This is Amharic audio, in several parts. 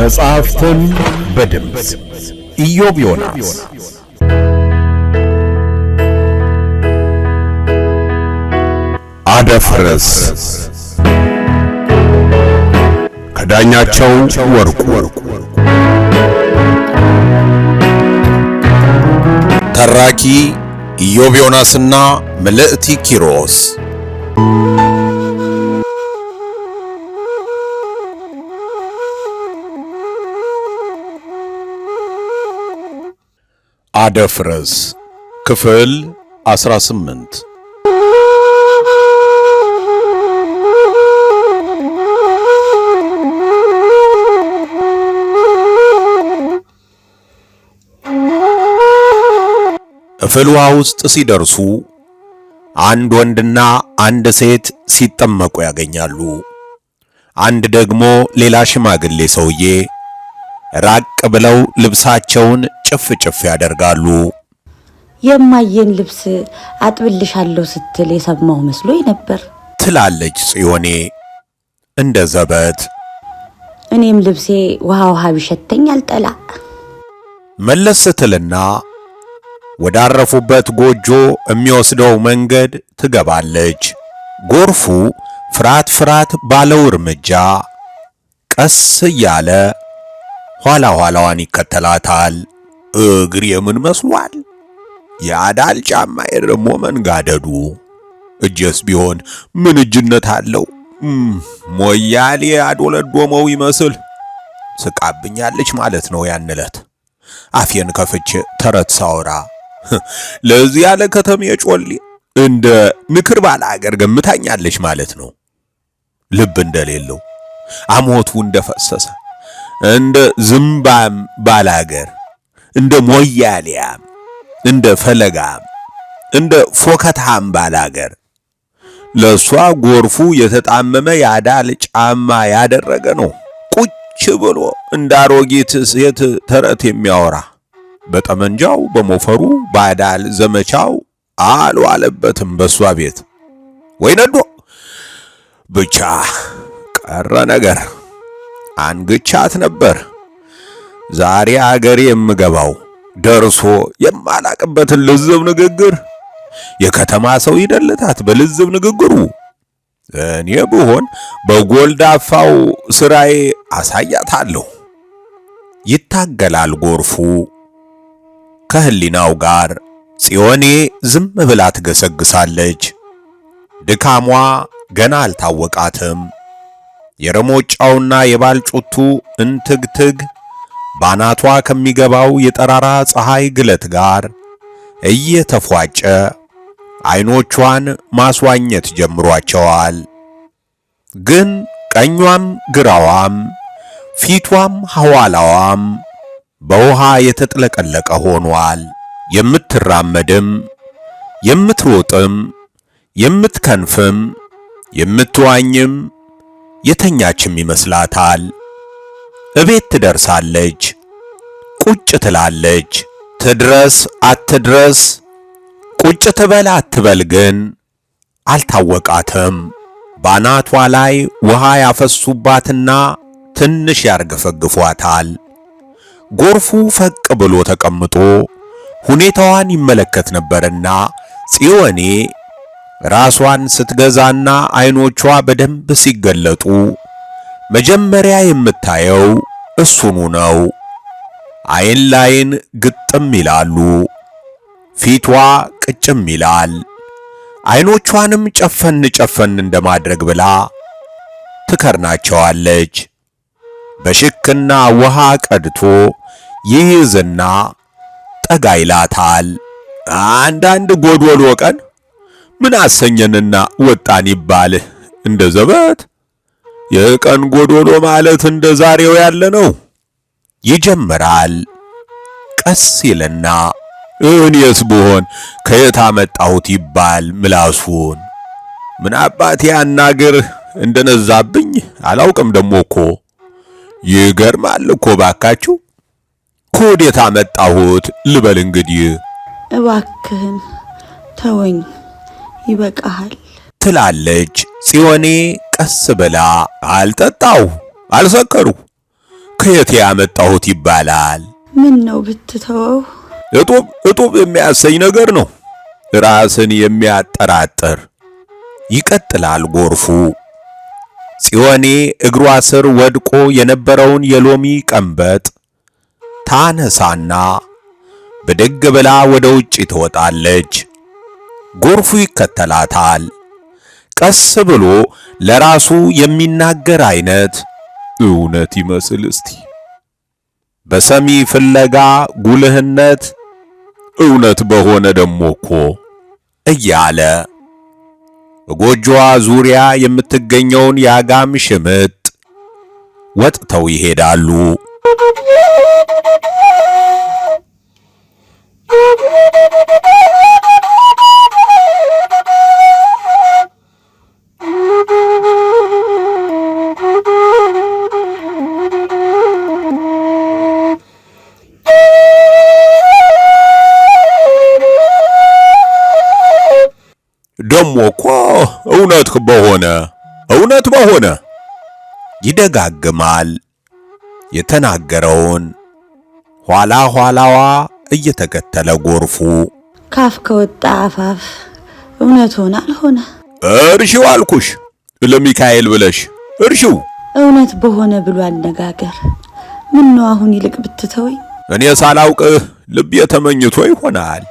መጽሐፍትን በድምፅ ኢዮብ ዮናስ አደፍርስ ከዳኛቸው ወርቁ ተራኪ ኢዮብ ዮናስና መልእክቲ ኪሮስ አደፍረስ ክፍል 18 እፍልዋ ውስጥ ሲደርሱ አንድ ወንድና አንድ ሴት ሲጠመቁ ያገኛሉ። አንድ ደግሞ ሌላ ሽማግሌ ሰውዬ ራቅ ብለው ልብሳቸውን ጭፍ ጭፍ ያደርጋሉ። የማየን ልብስ አጥብልሻለሁ ስትል የሰማው መስሎኝ ነበር ትላለች ጽዮኔ እንደ ዘበት። እኔም ልብሴ ውሃ ውሃ ቢሸተኝ አልጠላ መለስ ስትልና ወዳረፉበት ጎጆ የሚወስደው መንገድ ትገባለች። ጎርፉ ፍርሃት ፍርሃት ባለው እርምጃ ቀስ እያለ ኋላ ኋላዋን ይከተላታል። እግር የምን መስሏል? የአዳል ጫማዬ ደግሞ መንጋደዱ። እጀስ ቢሆን ምን እጅነት አለው? ሞያሌ አዶለዶመው ይመስል ስቃብኛለች ማለት ነው። ያን ዕለት አፌን ከፍቼ ተረት ሳወራ ለዚህ ያለ ከተም ጮሌ እንደ ንክር ባለ አገር ገምታኛለች ማለት ነው። ልብ እንደሌለው አሞቱ እንደፈሰሰ እንደ ዝምባም ባለ አገር እንደ ሞያሊያ፣ እንደ ፈለጋ፣ እንደ ፎከት አምባል አገር ለእሷ ጎርፉ የተጣመመ ያዳል ጫማ ያደረገ ነው። ቁጭ ብሎ እንደ አሮጊት ሴት ተረት የሚያወራ በጠመንጃው በሞፈሩ ባዳል ዘመቻው አልዋለበትም በእሷ ቤት ወይ ነዶ ብቻ ቀረ ነገር አንግቻት ነበር። ዛሬ አገሬ የምገባው ደርሶ የማላቅበትን ልዝብ ንግግር የከተማ ሰው ይደልታት በልዝብ ንግግሩ። እኔ ብሆን በጎልዳፋው ስራዬ አሳያታለሁ። ይታገላል ጎርፉ ከህሊናው ጋር ጽዮኔ ዝም ብላ ትገሰግሳለች። ድካሟ ገና አልታወቃትም። የረሞጫውና የባልጩቱ እንትግትግ ባናቷ ከሚገባው የጠራራ ፀሐይ ግለት ጋር እየተፏጨ አይኖቿን ማስዋኘት ጀምሯቸዋል። ግን ቀኟም ግራዋም ፊቷም ሐዋላዋም በውሃ የተጥለቀለቀ ሆኗል። የምትራመድም የምትሮጥም የምትከንፍም የምትዋኝም የተኛችም ይመስላታል። እቤት ትደርሳለች፣ ቁጭ ትላለች። ትድረስ አትድረስ፣ ቁጭ ትበል አትበል ግን አልታወቃትም። ባናቷ ላይ ውሃ ያፈሱባትና ትንሽ ያርገፈግፏታል። ጎርፉ ፈቅ ብሎ ተቀምጦ ሁኔታዋን ይመለከት ነበርና ጽዮኔ ራሷን ስትገዛና አይኖቿ በደንብ ሲገለጡ መጀመሪያ የምታየው እሱኑ ነው። አይን ላይን ግጥም ይላሉ። ፊቷ ቅጭም ይላል። አይኖቿንም ጨፈን ጨፈን እንደማድረግ ብላ ትከርናቸዋለች። በሽክና ውሃ ቀድቶ ይይዝና ጠጋ ይላታል። አንዳንድ ጎዶሎ ቀን ምን አሰኘንና ወጣን ይባልህ እንደ ዘበት የቀን ጎዶሎ ማለት እንደ ዛሬው ያለ ነው። ይጀምራል ቀስ ይልና እኔስ ብሆን ከየት አመጣሁት ይባል ምላሱን። ምን አባት ያናገር እንደነዛብኝ አላውቅም። ደሞ እኮ ይገርማል እኮ ባካችሁ። ከወዴት አመጣሁት ልበል እንግዲህ። እባክህን ተወኝ ይበቃሃል ትላለች ጽዮኔ ቀስ ብላ አልጠጣው አልሰከሩ! ከየት ያመጣሁት ይባላል። ምን ነው ብትተወው እጡብ እጡብ የሚያሰኝ ነገር ነው። ራስን የሚያጠራጥር ይቀጥላል ጎርፉ። ጽዮኔ እግሯ ስር ወድቆ የነበረውን የሎሚ ቀንበጥ ታነሳና ብድግ ብላ ወደ ውጪ ትወጣለች። ጎርፉ ይከተላታል። ቀስ ብሎ ለራሱ የሚናገር አይነት እውነት ይመስል እስቲ በሰሚ ፍለጋ ጉልህነት እውነት በሆነ ደሞ እኮ እያለ በጎጆዋ ዙሪያ የምትገኘውን የአጋም ሽምጥ ወጥተው ይሄዳሉ። ደግሞ እኮ እውነት በሆነ እውነት በሆነ ይደጋግማል የተናገረውን ኋላ ኋላዋ እየተከተለ ጎርፉ ካፍ ከወጣ አፋፍ እውነት ሆነ አልሆነ እርሺው አልኩሽ ለሚካኤል ብለሽ እርሺው እውነት በሆነ ብሎ አነጋገር ምን ነው አሁን ይልቅ ብትተወኝ እኔ ሳላውቅህ ልብ ተመኝቶ ይሆናል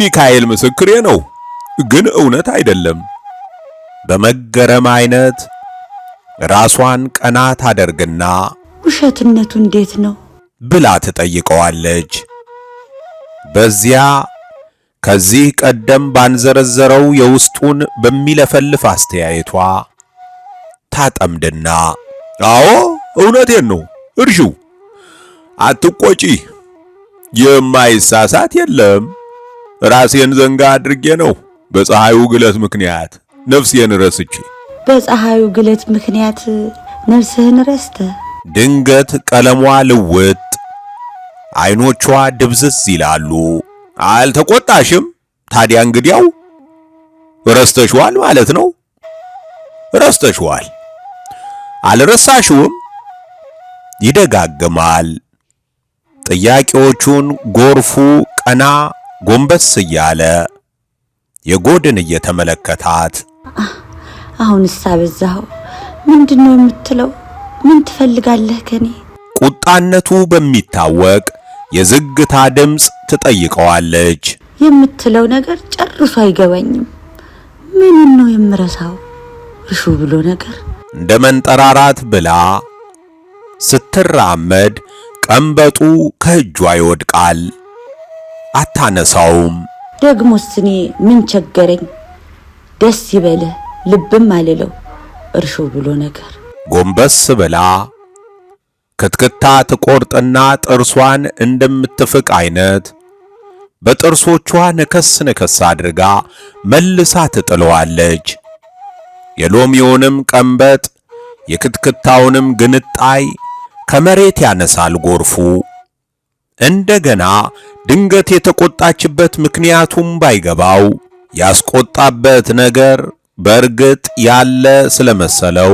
ሚካኤል ምስክሬ ነው ግን እውነት አይደለም። በመገረም አይነት ራሷን ቀና ታደርግና ውሸትነቱ እንዴት ነው ብላ ትጠይቀዋለች። በዚያ ከዚህ ቀደም ባንዘረዘረው የውስጡን በሚለፈልፍ አስተያየቷ ታጠምድና አዎ እውነቴን ነው እርሹ አትቆጪ፣ የማይሳሳት የለም ራሴን ዘንጋ አድርጌ ነው በፀሐዩ ግለት ምክንያት ነፍሴን ረስቼ በፀሐዩ ግለት ምክንያት ነፍስህን ረስተ ድንገት ቀለሟ ልውጥ፣ አይኖቿ ድብዝዝ ይላሉ። አልተቆጣሽም? ታዲያ እንግዲያው ረስተሽዋል ማለት ነው። ረስተሽዋል። አልረሳሽውም። ይደጋግማል። ጥያቄዎቹን ጎርፉ ቀና ጎንበስ እያለ የጎድን እየተመለከታት አሁንስ ሳበዛው ምንድነው የምትለው? ምን ትፈልጋለህ ከኔ? ቁጣነቱ በሚታወቅ የዝግታ ድምፅ ትጠይቀዋለች። የምትለው ነገር ጨርሶ አይገባኝም። ምን ነው የምረሳው? እሹ ብሎ ነገር እንደ መንጠራራት ብላ ስትራመድ ቀንበጡ ከእጇ ይወድቃል። አታነሳውም። ደግሞስ እኔ ምን ቸገረኝ? ደስ ይበለ ልብም አልለው እርሾ ብሎ ነገር ጎንበስ ብላ ክትክታ ትቆርጥና ጥርሷን እንደምትፍቅ አይነት በጥርሶቿ ነከስ ነከስ አድርጋ መልሳ ትጥለዋለች። የሎሚውንም ቀንበጥ የክትክታውንም ግንጣይ ከመሬት ያነሳል ጎርፉ። እንደገና ድንገት የተቆጣችበት ምክንያቱም ባይገባው ያስቆጣበት ነገር በእርግጥ ያለ ስለመሰለው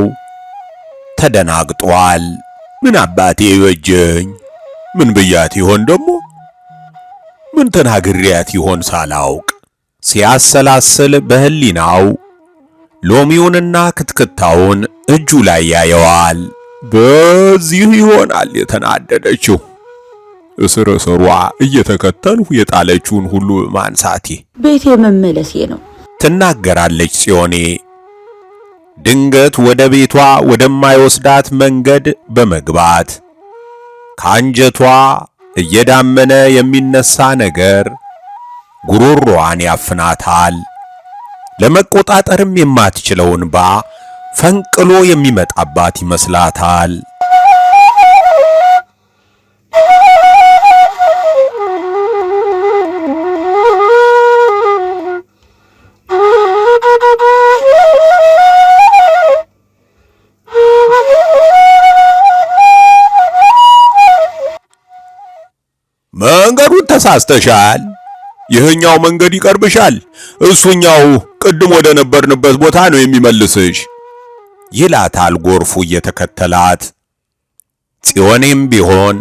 ተደናግጧል። ምን አባቴ ይበጀኝ? ምን ብያት ይሆን ደግሞ? ምን ተናግሪያት ይሆን ሳላውቅ ሲያሰላስል በህሊናው ሎሚውንና ክትክታውን እጁ ላይ ያየዋል። በዚህ ይሆናል የተናደደችው። እስር ስሯ እየተከተልሁ የጣለችውን ሁሉ ማንሳቴ ቤቴ መመለሴ ነው ትናገራለች ጽዮኔ። ድንገት ወደ ቤቷ ወደማይወስዳት መንገድ በመግባት ከአንጀቷ እየዳመነ የሚነሳ ነገር ጉሮሮዋን ያፍናታል። ለመቆጣጠርም የማትችለውን ባ ፈንቅሎ የሚመጣባት ይመስላታል። ተሳስተሻል፣ ይህኛው መንገድ ይቀርብሻል፣ እሱኛው ቅድም ወደ ነበርንበት ቦታ ነው የሚመልስሽ ይላታል ጎርፉ እየተከተላት። ጽዮኔም ቢሆን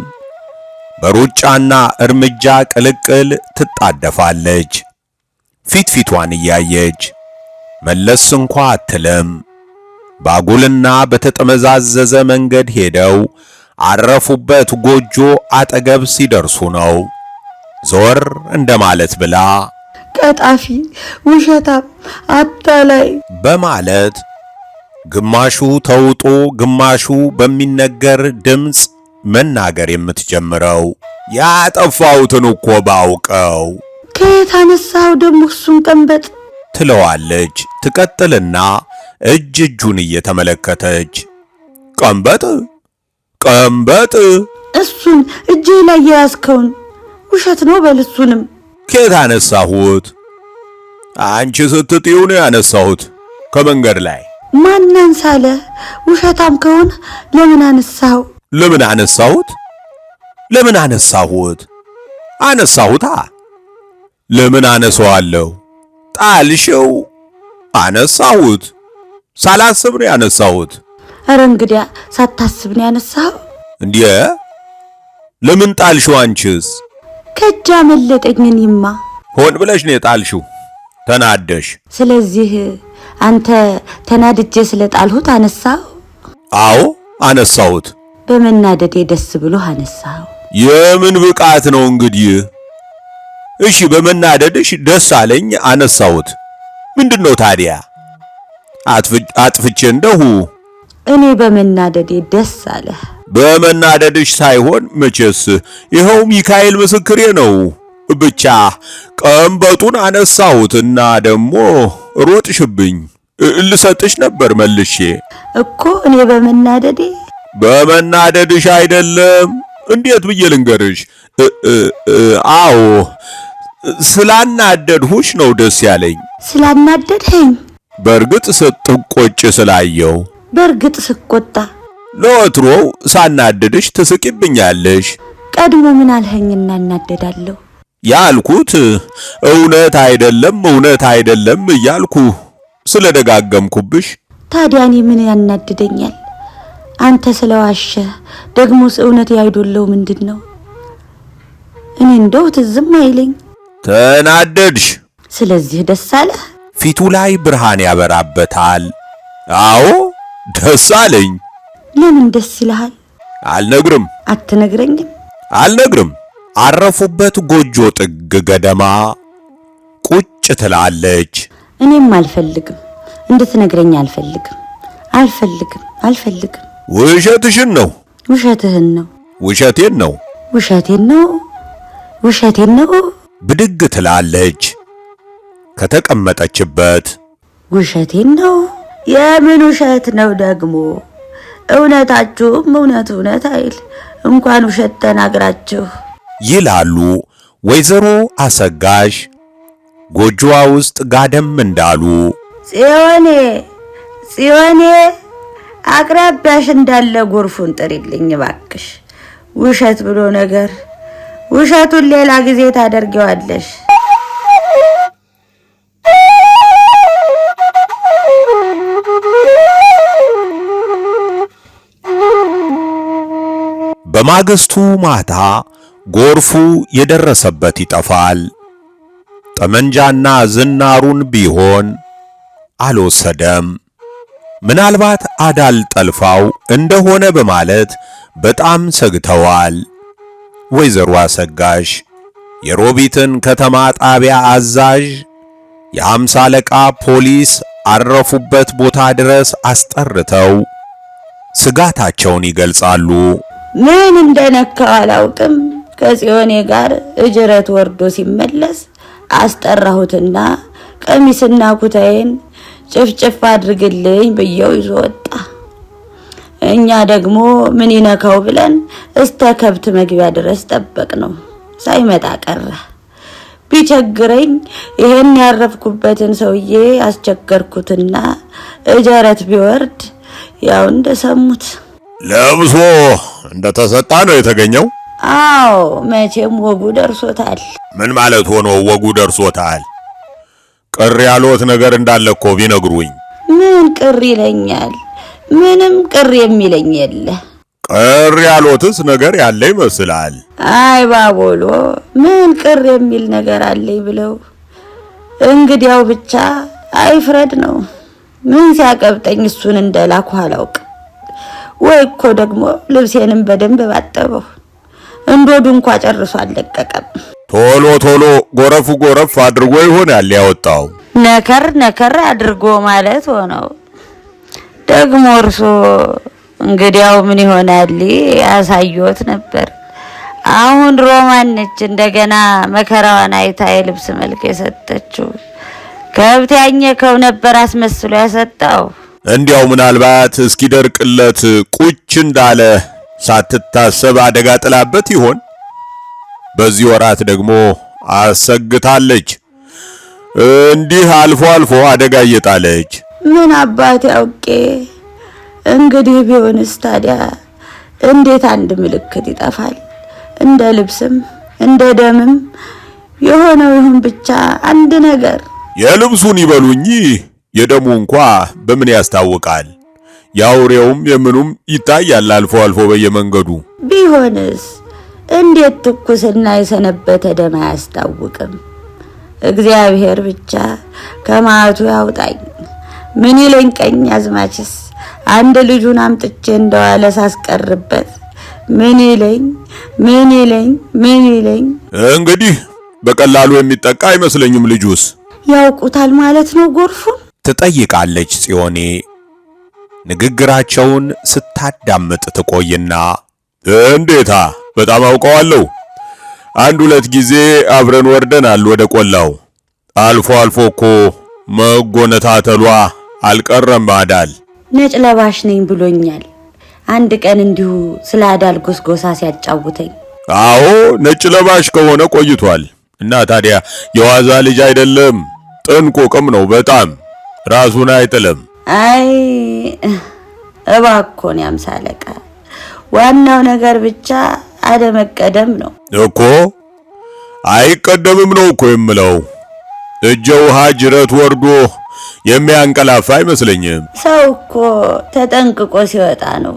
በሩጫና እርምጃ ቅልቅል ትጣደፋለች። ፊት ፊቷን እያየች መለስ እንኳ አትልም። ባጉልና በተጠመዛዘዘ መንገድ ሄደው አረፉበት ጎጆ አጠገብ ሲደርሱ ነው ዞር እንደማለት ብላ ቀጣፊ፣ ውሸታም፣ አታላይ በማለት ግማሹ ተውጦ ግማሹ በሚነገር ድምፅ መናገር የምትጀምረው ያጠፋሁትን እኮ ባውቀው ከየት አነሳው ደግሞ እሱን ቀንበጥ ትለዋለች። ትቀጥልና እጅ እጁን እየተመለከተች ቀንበጥ ቀንበጥ እሱን እጄ ላይ የያዝከውን ውሸት ነው በልሱንም እሱንም። ከየት አነሳሁት? አንቺ ስትጥዩ ነው ያነሳሁት ከመንገድ ላይ። ማን ሳለ ውሸታም ከሆነ ለምን አነሳው? ለምን አነሳሁት? ለምን አነሳሁት? አነሳሁታ። ለምን አነሳዋለሁ? ጣልሽው። አነሳሁት። ሳላስብ ነው ያነሳሁት። አረ እንግዲያ ሳታስብ ነው ያነሳው እንዴ? ለምን ጣልሽው? አንቺስ ከእጅ አመለጠኝንማ። ሆን ብለሽ ነው የጣልሽው ተናደሽ። ስለዚህ አንተ ተናድጄ ስለጣልሁት አነሳው? አዎ አነሳሁት። በመናደዴ ደስ ብሎ አነሳው። የምን ብቃት ነው እንግዲህ? እሺ በመናደድሽ ደስ አለኝ አነሳሁት። ምንድን ነው ታዲያ አጥፍቼ እንደሁ እኔ በመናደዴ ደስ አለህ። በመናደድሽ ሳይሆን መቼስ ይኸው ሚካኤል ምስክሬ ነው። ብቻ ቀንበጡን አነሳሁትና ደግሞ ሮጥሽብኝ። ልሰጥሽ ነበር መልሼ እኮ እኔ በመናደዴ በመናደድሽ አይደለም። እንዴት ብዬ ልንገርሽ? አዎ ስላናደድሁሽ ነው ደስ ያለኝ። ስላናደድኸኝ? በእርግጥ ስትቆጭ ስላየው፣ በእርግጥ ስቆጣ ለወትሮው ሳናደድሽ ትስቂብኛለሽ። ቀድሞ ምን አልኸኝና እናደዳለሁ ያልኩት እውነት አይደለም እውነት አይደለም እያልኩ ስለደጋገምኩብሽ። ታዲያ እኔ ምን ያናድደኛል? አንተ ስለዋሸ ደግሞስ እውነት ያይዶለው ምንድን ነው? እኔ እንደው ትዝም አይለኝ። ተናደድሽ፣ ስለዚህ ደስ አለህ? ፊቱ ላይ ብርሃን ያበራበታል። አዎ ደስ አለኝ። ለምን ደስ ይልሃል? አልነግርም። አትነግረኝም? አልነግርም። አረፉበት ጎጆ ጥግ ገደማ ቁጭ ትላለች። እኔም አልፈልግም፣ እንድትነግረኝ አልፈልግም፣ አልፈልግም፣ አልፈልግም። ውሸትሽን ነው። ውሸትህን ነው። ውሸቴን ነው። ውሸቴን ነው። ውሸቴን ነው። ብድግ ትላለች ከተቀመጠችበት። ውሸቴን ነው። የምን ውሸት ነው ደግሞ? እውነታችሁም እውነት እውነት አይል እንኳን ውሸት ተናግራችሁ ይላሉ ወይዘሮ አሰጋሽ ጎጆዋ ውስጥ ጋደም እንዳሉ። ጽዮኔ ጽዮኔ አቅራቢያሽ እንዳለ ጎርፉን ጥሪልኝ እባክሽ። ውሸት ብሎ ነገር ውሸቱን ሌላ ጊዜ ታደርጊዋለሽ። በማግስቱ ማታ ጎርፉ የደረሰበት ይጠፋል። ጠመንጃና ዝናሩን ቢሆን አልወሰደም። ምናልባት አዳል ጠልፋው እንደሆነ በማለት በጣም ሰግተዋል። ወይዘሮ አሰጋሽ የሮቢትን ከተማ ጣቢያ አዛዥ የሐምሳ አለቃ ፖሊስ አረፉበት ቦታ ድረስ አስጠርተው ስጋታቸውን ይገልጻሉ። ምን እንደነካው አላውቅም። ከጽዮኔ ጋር እጅረት ወርዶ ሲመለስ አስጠራሁትና ቀሚስና ኩታዬን ጭፍጭፍ አድርግልኝ ብየው ይዞ ወጣ። እኛ ደግሞ ምን ይነካው ብለን እስተ ከብት መግቢያ ድረስ ጠበቅ ነው፣ ሳይመጣ ቀረ። ቢቸግረኝ ይሄን ያረፍኩበትን ሰውዬ አስቸገርኩትና እጀረት ቢወርድ ያው እንደሰሙት ለብሶ እንደተሰጣ ነው የተገኘው። አዎ መቼም ወጉ ደርሶታል። ምን ማለት ሆኖ ወጉ ደርሶታል? ቅር ያሎት ነገር እንዳለ እኮ ቢነግሩኝ። ምን ቅር ይለኛል? ምንም ቅር የሚለኝ የለ። ቅር ያሎትስ ነገር ያለ ይመስላል። አይ ባቦሎ፣ ምን ቅር የሚል ነገር አለኝ ብለው። እንግዲያው ብቻ አይፍረድ ነው። ምን ሲያቀብጠኝ እሱን እንደላኩ አላውቅ ወይ እኮ ደግሞ ልብሴንም በደንብ ባጠበው እንዶዱ እንኳ ጨርሶ አልለቀቀም። ቶሎ ቶሎ ጎረፉ ጎረፍ አድርጎ ይሆናል ያወጣው። ነከር ነከር አድርጎ ማለት ሆነው ደግሞ እርሶ እንግዲያው ምን ይሆናል ያሳየዎት ነበር። አሁን ሮማን ነች እንደገና መከራዋን አይታ የልብስ መልክ የሰጠችው። ከብት ያኘከው ነበር አስመስሎ ያሰጠው። እንዲያው ምናልባት እስኪደርቅለት ቁጭ እንዳለ ሳትታሰብ አደጋ ጥላበት ይሆን? በዚህ ወራት ደግሞ አሰግታለች። እንዲህ አልፎ አልፎ አደጋ እየጣለች ምን አባት ያውቄ። እንግዲህ ቢሆንስ ታዲያ እንዴት አንድ ምልክት ይጠፋል? እንደ ልብስም እንደ ደምም የሆነው ይሁን ብቻ አንድ ነገር የልብሱን ይበሉኝ የደሙ እንኳ በምን ያስታውቃል? የአውሬውም የምኑም ይታያል አልፎ አልፎ በየመንገዱ። ቢሆንስ እንዴት ትኩስና የሰነበተ ደም አያስታውቅም? እግዚአብሔር ብቻ ከማቱ ያውጣኝ። ምን ይለኝ ቀኝ አዝማችስ አንድ ልጁን አምጥቼ እንደዋለ ሳስቀርበት ምን ይለኝ ምን ይለኝ ምን ይለኝ። እንግዲህ በቀላሉ የሚጠቃ አይመስለኝም። ልጁስ ያውቁታል ማለት ነው ጎርፉን ትጠይቃለች ጽዮኔ። ንግግራቸውን ስታዳምጥ ትቆይና እንዴታ በጣም አውቀዋለሁ። አንድ ሁለት ጊዜ አብረን ወርደናል ወደ ቆላው። አልፎ አልፎ እኮ መጎነታተሏ አልቀረም። አዳል ነጭ ለባሽ ነኝ ብሎኛል። አንድ ቀን እንዲሁ ስለ አዳል ጎስጎሳ ሲያጫውተኝ፣ አዎ ነጭ ለባሽ ከሆነ ቆይቷል። እና ታዲያ የዋዛ ልጅ አይደለም፣ ጥንቁቅም ነው በጣም ራሱን አይጥልም። አይ እባኮን ያምሳ ዋናው ነገር ብቻ አለመቀደም ነው እኮ። አይቀደምም ነው እኮ የምለው። እጀ ውሃ ጅረት ወርዶ የሚያንቀላፋ አይመስለኝም። ሰው እኮ ተጠንቅቆ ሲወጣ ነው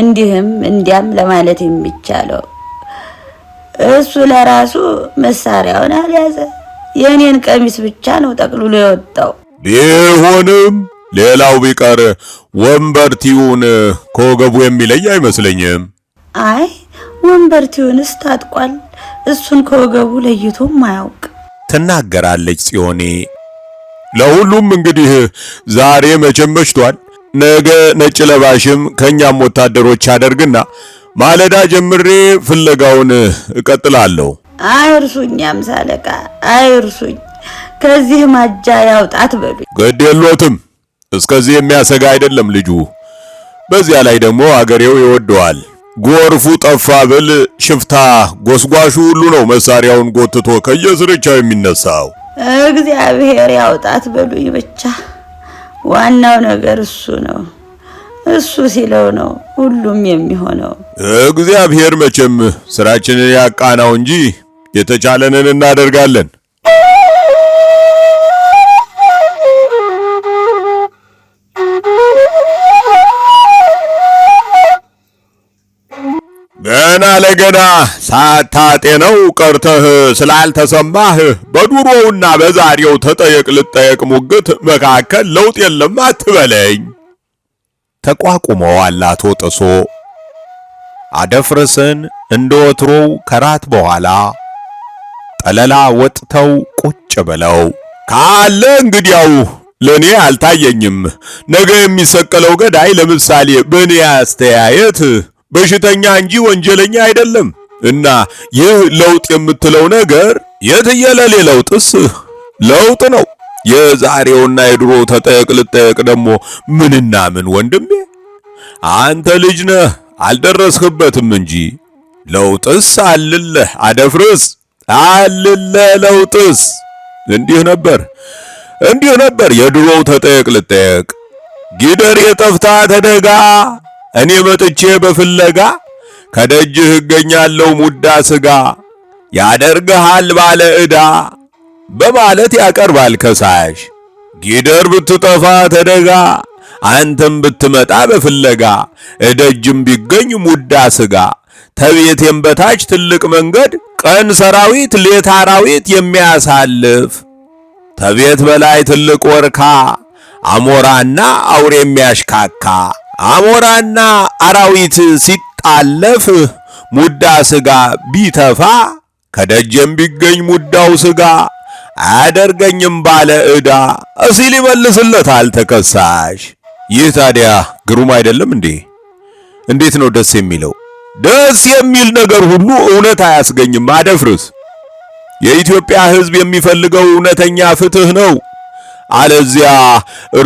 እንዲህም እንዲያም ለማለት የሚቻለው። እሱ ለራሱ መሳሪያውን አልያዘ። የእኔን ቀሚስ ብቻ ነው ጠቅልሎ የወጣው። ቢሆንም ሌላው ቢቀር ወንበርቲውን ከወገቡ የሚለይ አይመስለኝም። አይ ወንበርቲውንስ ታጥቋል፣ እሱን ከወገቡ ለይቶም አያውቅ ትናገራለች ጽዮኔ። ለሁሉም እንግዲህ ዛሬ መቼም መሽቷል። ነገ ነጭ ለባሽም ከእኛም ወታደሮች አደርግና ማለዳ ጀምሬ ፍለጋውን እቀጥላለሁ። አይርሱኝ አምሳለቃ አይርሱኝ። ከዚህ ማጃ ያውጣት በሉኝ። ግድ የሎትም እስከዚህ የሚያሰጋ አይደለም ልጁ። በዚያ ላይ ደግሞ አገሬው ይወደዋል። ጎርፉ ጠፋ ብል ሽፍታ ጎስጓሹ ሁሉ ነው መሳሪያውን ጎትቶ ከየስርቻው የሚነሳው። እግዚአብሔር ያውጣት በሉኝ ብቻ። ዋናው ነገር እሱ ነው። እሱ ሲለው ነው ሁሉም የሚሆነው። እግዚአብሔር መቼም ስራችንን ያቃናው እንጂ የተቻለንን እናደርጋለን። ገና ለገና ሳታጤነው ቀርተህ ስላልተሰማህ በዱሮውና በዛሬው ተጠየቅ ልጠየቅ ሙግት መካከል ለውጥ የለም አትበለኝ። ተቋቁመዋል አቶ ጥሶ አደፍርስን እንደ ወትሮው ከራት በኋላ ጠለላ ወጥተው ቁጭ ብለው ካለ እንግዲያው ለእኔ አልታየኝም። ነገ የሚሰቀለው ገዳይ ለምሳሌ በእኔ አስተያየት በሽተኛ እንጂ ወንጀለኛ አይደለም። እና ይህ ለውጥ የምትለው ነገር የትየለሌ ለውጥስ ለውጥ ነው። የዛሬውና የድሮ ተጠየቅ ልጠየቅ ደግሞ ምንና ምን ወንድሜ፣ አንተ ልጅ ነህ አልደረስህበትም እንጂ ለውጥስ አልልህ አደፍርስ አልልህ ለውጥስ እንዲህ ነበር እንዲህ ነበር የድሮው ተጠየቅ ልጠየቅ ጊደር የጠፍታ ተደጋ እኔ መጥቼ በፍለጋ ከደጅህ እገኛለሁ ሙዳ ሥጋ ያደርግሃል ባለ ዕዳ በማለት ያቀርባል ከሳሽ። ጊደር ብትጠፋ ተደጋ አንተም ብትመጣ በፍለጋ እደጅም ቢገኝ ሙዳ ሥጋ ተቤቴም በታች ትልቅ መንገድ ቀን ሰራዊት ሌት አራዊት የሚያሳልፍ ተቤት በላይ ትልቅ ወርካ አሞራና አውሬ የሚያሽካካ አሞራና አራዊት ሲጣለፍ ሙዳ ስጋ ቢተፋ ከደጀም ቢገኝ ሙዳው ስጋ አያደርገኝም ባለ ዕዳ ሲል ይመልስለታል ተከሳሽ። ይህ ታዲያ ግሩም አይደለም እንዴ? እንዴት ነው ደስ የሚለው? ደስ የሚል ነገር ሁሉ እውነት አያስገኝም። አደፍርስ የኢትዮጵያ ሕዝብ የሚፈልገው እውነተኛ ፍትህ ነው። አለዚያ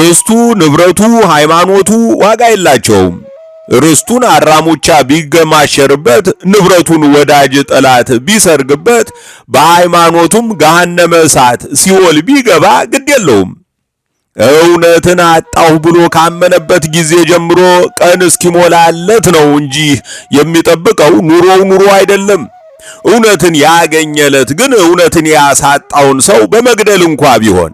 ርስቱ፣ ንብረቱ፣ ሃይማኖቱ ዋጋ የላቸውም። ርስቱን አራሙቻ ቢገማሸርበት፣ ንብረቱን ወዳጅ ጠላት ቢሰርግበት፣ በሃይማኖቱም ገሃነመ እሳት ሲኦል ቢገባ ግድ የለውም። እውነትን አጣሁ ብሎ ካመነበት ጊዜ ጀምሮ ቀን እስኪሞላለት ነው እንጂ የሚጠብቀው ኑሮው ኑሮ አይደለም። እውነትን ያገኘለት ግን እውነትን ያሳጣውን ሰው በመግደል እንኳ ቢሆን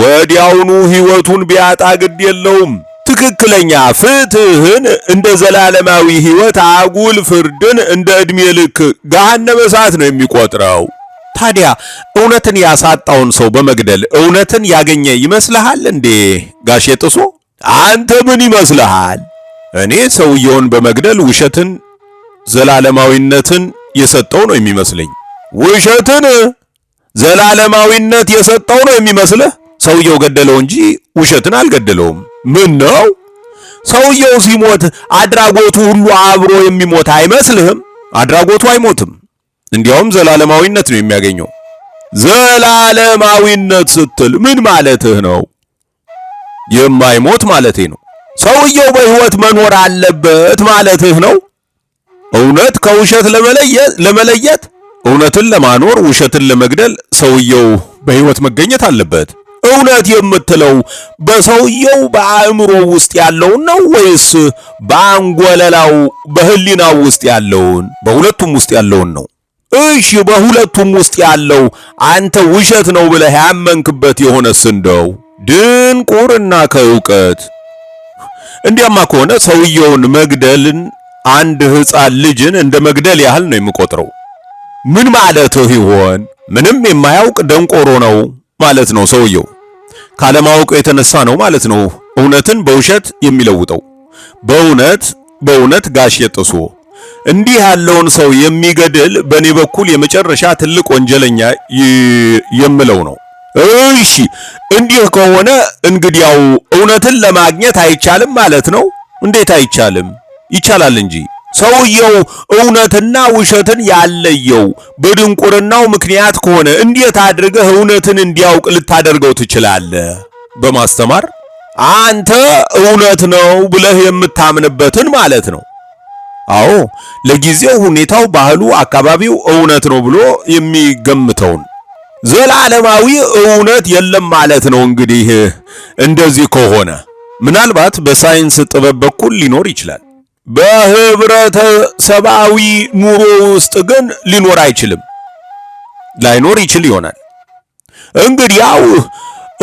ወዲያውኑ ሕይወቱን ቢያጣ ግድ የለውም። ትክክለኛ ፍትህን እንደ ዘላለማዊ ሕይወት፣ አጉል ፍርድን እንደ ዕድሜ ልክ ገሃነመ እሳት ነው የሚቆጥረው። ታዲያ እውነትን ያሳጣውን ሰው በመግደል እውነትን ያገኘ ይመስልሃል እንዴ ጋሼ ጥሶ? አንተ ምን ይመስልሃል? እኔ ሰውየውን በመግደል ውሸትን ዘላለማዊነትን የሰጠው ነው የሚመስለኝ። ውሸትን ዘላለማዊነት የሰጠው ነው የሚመስልህ? ሰውየው ገደለው እንጂ ውሸትን አልገደለውም። ምን ነው ሰውየው ሲሞት አድራጎቱ ሁሉ አብሮ የሚሞት አይመስልህም? አድራጎቱ አይሞትም። እንዲያውም ዘላለማዊነት ነው የሚያገኘው። ዘላለማዊነት ስትል ምን ማለትህ ነው? የማይሞት ማለቴ ነው። ሰውየው በሕይወት መኖር አለበት ማለትህ ነው? እውነት ከውሸት ለመለየት እውነትን ለማኖር ውሸትን ለመግደል ሰውየው በሕይወት መገኘት አለበት። እውነት የምትለው በሰውየው በአእምሮ ውስጥ ያለውን ነው ወይስ በአንጎለላው በህሊናው ውስጥ ያለውን? በሁለቱም ውስጥ ያለውን ነው። እሺ፣ በሁለቱም ውስጥ ያለው አንተ ውሸት ነው ብለህ ያመንክበት የሆነስ እንደው ድንቁርና ከእውቀት እንዲያማ ከሆነ ሰውየውን መግደልን አንድ ሕፃን ልጅን እንደ መግደል ያህል ነው የሚቆጥረው። ምን ማለትህ ይሆን? ምንም የማያውቅ ደንቆሮ ነው ማለት ነው ሰውየው። ካለማወቁ የተነሳ ነው ማለት ነው። እውነትን በውሸት የሚለውጠው በእውነት በእውነት ጋሽ የጠሱ እንዲህ ያለውን ሰው የሚገድል በእኔ በኩል የመጨረሻ ትልቅ ወንጀለኛ የምለው ነው። እሺ እንዲህ ከሆነ እንግዲያው እውነትን ለማግኘት አይቻልም ማለት ነው። እንዴት አይቻልም? ይቻላል እንጂ ሰውየው እውነትና ውሸትን ያለየው በድንቁርናው ምክንያት ከሆነ እንዴት አድርገህ እውነትን እንዲያውቅ ልታደርገው ትችላለህ? በማስተማር አንተ እውነት ነው ብለህ የምታምንበትን ማለት ነው። አዎ ለጊዜው ሁኔታው፣ ባህሉ፣ አካባቢው እውነት ነው ብሎ የሚገምተውን ዘላለማዊ እውነት የለም ማለት ነው። እንግዲህ እንደዚህ ከሆነ ምናልባት በሳይንስ ጥበብ በኩል ሊኖር ይችላል። በህብረተሰባዊ ኑሮ ውስጥ ግን ሊኖር አይችልም። ላይኖር ይችል ይሆናል። እንግዲያው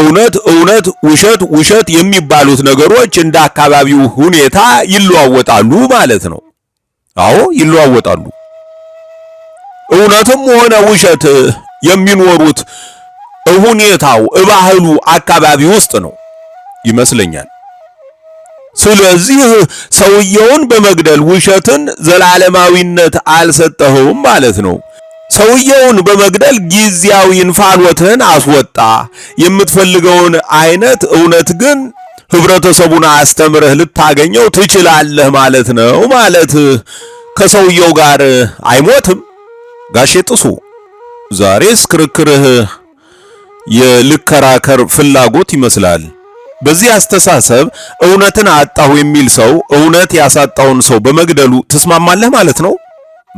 እውነት እውነት፣ ውሸት ውሸት የሚባሉት ነገሮች እንደ አካባቢው ሁኔታ ይለዋወጣሉ ማለት ነው። አዎ ይለዋወጣሉ። እውነትም ሆነ ውሸት የሚኖሩት ሁኔታው ባህሉ አካባቢ ውስጥ ነው ይመስለኛል። ስለዚህ ሰውየውን በመግደል ውሸትን ዘላለማዊነት አልሰጠኸውም ማለት ነው። ሰውየውን በመግደል ጊዜያዊ እንፋሎትህን አስወጣ። የምትፈልገውን አይነት እውነት ግን ህብረተሰቡን አስተምረህ ልታገኘው ትችላለህ ማለት ነው። ማለት ከሰውየው ጋር አይሞትም። ጋሼ ጥሱ፣ ዛሬስ ክርክርህ የልከራከር ፍላጎት ይመስላል። በዚህ አስተሳሰብ እውነትን አጣሁ የሚል ሰው እውነት ያሳጣውን ሰው በመግደሉ ትስማማለህ ማለት ነው።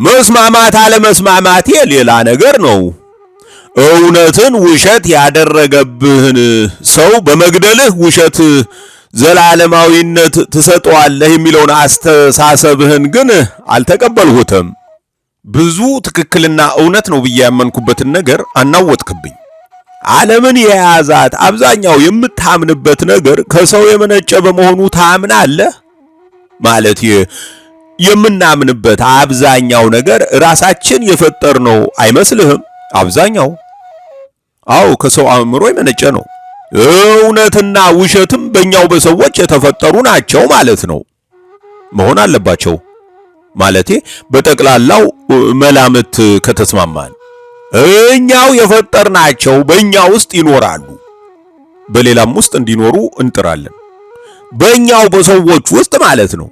መስማማት አለመስማማት ሌላ ነገር ነው። እውነትን ውሸት ያደረገብህን ሰው በመግደልህ ውሸት ዘላለማዊነት ትሰጠዋለህ የሚለውን አስተሳሰብህን ግን አልተቀበልሁትም። ብዙ ትክክልና እውነት ነው ብዬ ያመንኩበትን ነገር አናወጥክብኝ። ዓለምን የያዛት አብዛኛው የምታምንበት ነገር ከሰው የመነጨ በመሆኑ አለ ማለት የምናምንበት አብዛኛው ነገር ራሳችን የፈጠርነው አይመስልህም? አብዛኛው አዎ፣ ከሰው አእምሮ የመነጨ ነው። እውነትና ውሸትም በእኛው በሰዎች የተፈጠሩ ናቸው ማለት ነው መሆን አለባቸው። ማለቴ በጠቅላላው መላምት ከተስማማን እኛው የፈጠርናቸው በእኛ ውስጥ ይኖራሉ፣ በሌላም ውስጥ እንዲኖሩ እንጥራለን። በእኛው በሰዎች ውስጥ ማለት ነው።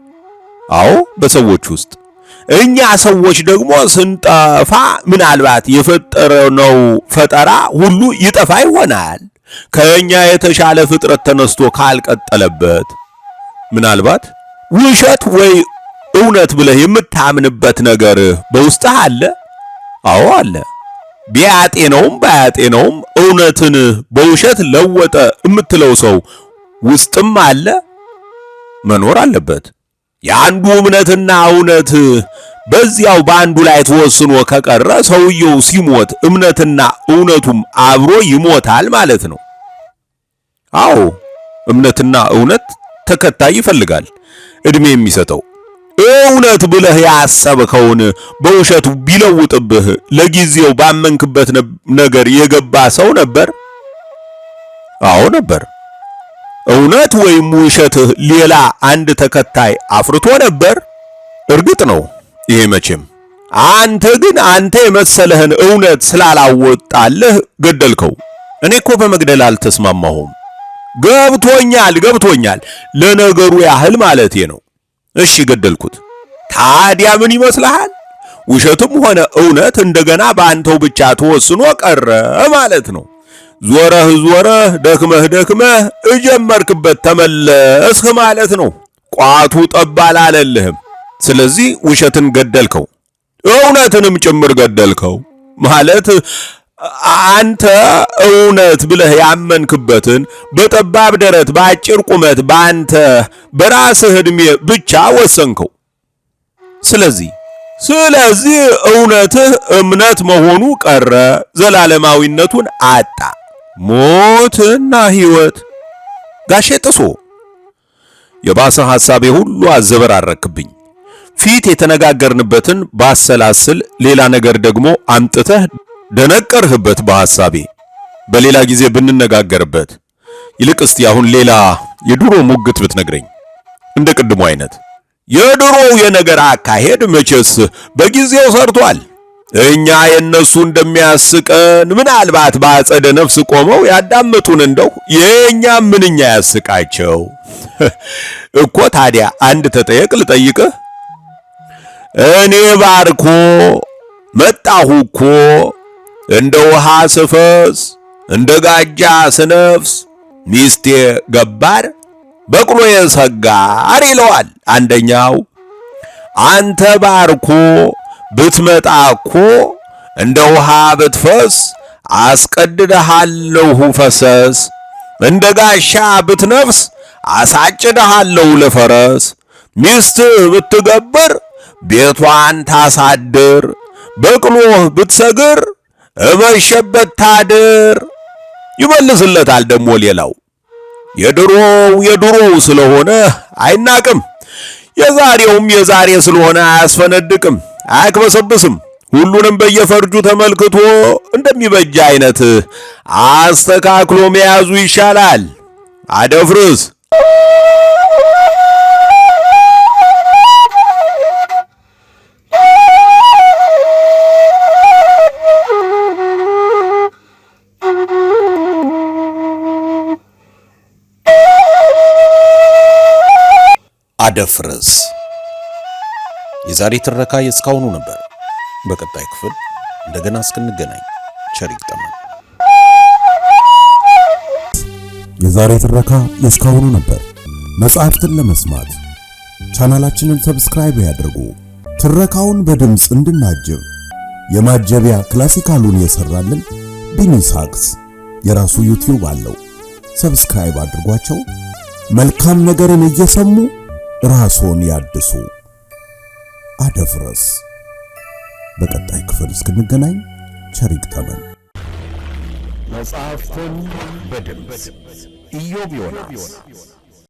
አዎ በሰዎች ውስጥ እኛ ሰዎች ደግሞ ስንጠፋ ምናልባት የፈጠረነው ፈጠራ ሁሉ ይጠፋ ይሆናል። ከኛ የተሻለ ፍጥረት ተነስቶ ካልቀጠለበት ምናልባት ውሸት ወይ እውነት ብለህ የምታምንበት ነገር በውስጥህ አለ። አዎ አለ። ቢያጤነውም ባያጤነውም እውነትን በውሸት ለወጠ የምትለው ሰው ውስጥም አለ መኖር አለበት። የአንዱ እምነትና እውነት በዚያው በአንዱ ላይ ተወስኖ ከቀረ ሰውየው ሲሞት እምነትና እውነቱም አብሮ ይሞታል ማለት ነው። አዎ እምነትና እውነት ተከታይ ይፈልጋል እድሜ የሚሰጠው እውነት ብለህ ያሰብከውን በውሸቱ ቢለውጥብህ ለጊዜው ባመንክበት ነገር የገባ ሰው ነበር? አዎ ነበር። እውነት ወይም ውሸትህ ሌላ አንድ ተከታይ አፍርቶ ነበር? እርግጥ ነው ይሄ መቼም። አንተ ግን አንተ የመሰለህን እውነት ስላላወጣልህ ገደልከው። እኔ እኮ በመግደል አልተስማማሁም። ገብቶኛል ገብቶኛል። ለነገሩ ያህል ማለቴ ነው። እሺ ገደልኩት። ታዲያ ምን ይመስልሃል? ውሸቱም ሆነ እውነት እንደገና በአንተው ብቻ ተወስኖ ቀረ ማለት ነው። ዞረህ ዞረህ ደክመህ ደክመህ እጀመርክበት ተመለስህ ማለት ነው። ቋቱ ጠብ አላለልህም። ስለዚህ ውሸትን ገደልከው፣ እውነትንም ጭምር ገደልከው ማለት አንተ እውነት ብለህ ያመንክበትን በጠባብ ደረት በአጭር ቁመት በአንተ በራስህ ዕድሜ ብቻ ወሰንከው። ስለዚህ ስለዚህ እውነትህ እምነት መሆኑ ቀረ፣ ዘላለማዊነቱን አጣ። ሞትና ሕይወት ጋሼ ጥሶ የባሰ ሐሳቤ ሁሉ አዘበራረክብኝ። ፊት የተነጋገርንበትን ባሰላስል ሌላ ነገር ደግሞ አምጥተህ ደነቀርህበት በሐሳቤ በሌላ ጊዜ ብንነጋገርበት። ይልቅ እስቲ አሁን ሌላ የድሮ ሙግት ብትነግረኝ እንደ ቅድሞ አይነት። የድሮው የነገር አካሄድ መቼስ በጊዜው ሰርቷል። እኛ የእነሱ እንደሚያስቀን ምናልባት በአጸደ ነፍስ ቆመው ያዳመጡን እንደው የእኛ ምንኛ ያስቃቸው እኮ። ታዲያ አንድ ተጠየቅ ልጠይቅህ። እኔ ባርኮ መጣሁ እኮ እንደ ውሃ ስፈስ እንደ ጋጃ ስነፍስ ሚስቴ ገባር በቅሎዬ ሰጋር ይለዋል። አንደኛው አንተ ባርኮ ብትመጣ እኮ እንደ ውሃ ብትፈስ አስቀድደሃለሁ ፈሰስ እንደ ጋሻ ብትነፍስ አሳጭደሃለሁ ለፈረስ ሚስት ብትገብር ቤቷን ታሳድር በቅሎህ ብትሰግር እበሸበት ታድር ይመልስለታል። ደግሞ ሌላው የድሮው የድሮው ስለሆነ አይናቅም፣ የዛሬውም የዛሬ ስለሆነ አያስፈነድቅም፣ አያክበሰብስም። ሁሉንም በየፈርጁ ተመልክቶ እንደሚበጃ አይነት አስተካክሎ መያዙ ይሻላል። አደፍርስ አደፍርስ። የዛሬ ትረካ የእስካሁኑ ነበር። በቀጣይ ክፍል እንደገና እስክንገናኝ ቸር ይግጠመን። የዛሬ ትረካ የእስካሁኑ ነበር። መጽሐፍትን ለመስማት ቻናላችንን ሰብስክራይብ ያድርጉ። ትረካውን በድምፅ እንድናጅብ የማጀቢያ ክላሲካሉን የሰራልን ቢኒ ሳክስ የራሱ ዩቲዩብ አለው። ሰብስክራይብ አድርጓቸው። መልካም ነገርን እየሰሙ ራስዎን ያድሱ። አደፍረስ። በቀጣይ ክፍል እስክንገናኝ ቸር ይግጠመን። መጽሐፍትን በድምፅ ኢዮብ ዮናስ